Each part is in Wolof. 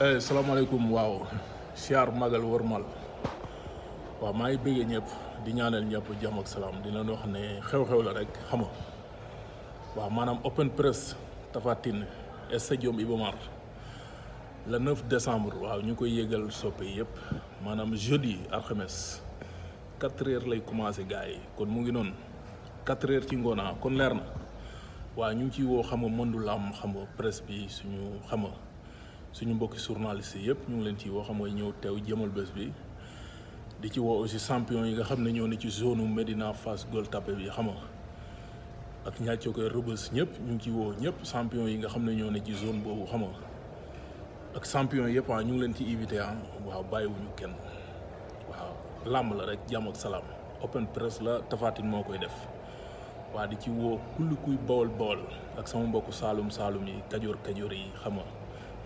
Eh, salaamaaleykum waaw siyaar magal warmal waaw maa ngi bëggee ñëpp di ñaanal ñëpp jàmm ak salaam dina leen xam ne xew-xew la rek xama nga waaw maanaam open press Tapha Tine stadium Iba Mar le 9 décembre waaw ñu koy yëgal soppe yëpp maanaam jeudi alxames 4 heures lay commencé gars yi kon mu ngi noonu 4 heures ci ngoonaa ah, kon leer na waa ñu ngi ciy woo xam nga mëndu làmm xam nga presse bi suñu xam nga suñu mbokki journaliste yëpp ñu ngi leen ci woo xam nga ñëw teew jëmal bés bi di ci woo aussi champion yi nga xam ne ñoo ne ci zone u Médina Fass Gueule Tapée bi xam nga ak ñaacoo koy Rebeuss ñëpp ñu ngi ci woo ñëpp champion yi nga xam ne ñoo ne ci zone boobu xam nga ak champion yëpp ah ñu ngi leen ci invité ah bàyyiwuñu kenn waaw làmb la rek jàmm ak salaam open press la tafaatin moo koy def waa di ci woo kulli kuy bawol bawol ak sama mbokk saalum saalum yi kajoor kajoor yi xam nga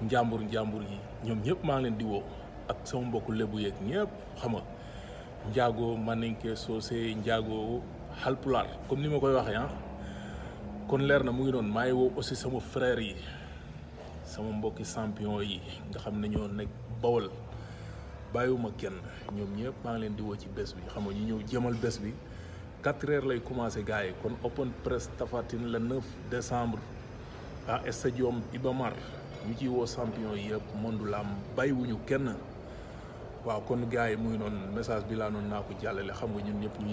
njàmbur njàmbur yi ñoom ñëpp maa ngi leen di woo ak sama mbokku lébu yeeg ñëpp xam nga njaago maninke soose njaago xalpulaar comme ni ma koy waxee ah kon leer na mu ngi noonu maa ngi woo aussi sama frère yi sama mbokki champion yi nga xam ne ñoo nekk bawal bàyyiwuma kenn ñoom ñëpp maa ngi leen di woo ci bés bi xam nga ñu ñëw jëmal bés bi quatre heures lay commencé gars yi kon open press Tapha Tine le 9 décembre à stadium Iba Mar ñu ciy woo champion yëpp mondu làmb bàyyiwuñu kenn waa kon gars yi muy noonu message bi laa noonu naa ko jàllale xam nga ñun ñëpp ñu